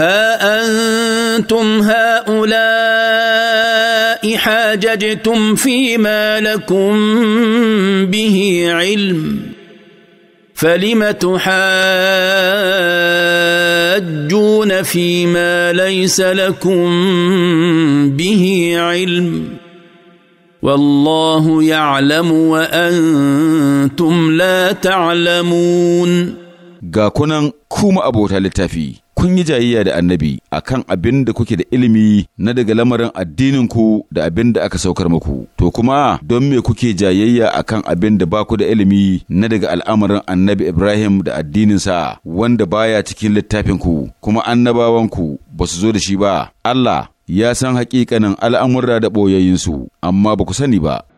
ها انتم هؤلاء حاججتم فيما لكم به علم فلم تحاجون فيما ليس لكم به علم والله يعلم وانتم لا تعلمون ga كوم أبو abota kun yi jayayya da annabi a kan abin da kuke da ilimi na daga lamarin addininku da abin da aka saukar muku to kuma don me kuke jayayya a kan abin da baku da ilimi na daga al'amarin annabi Ibrahim da addininsa wanda baya cikin littafinku kuma annabawanku ba su zo da shi ba Allah ya san hakikanin al'amurra da ɓoyoyinsu, amma ba ku sani ba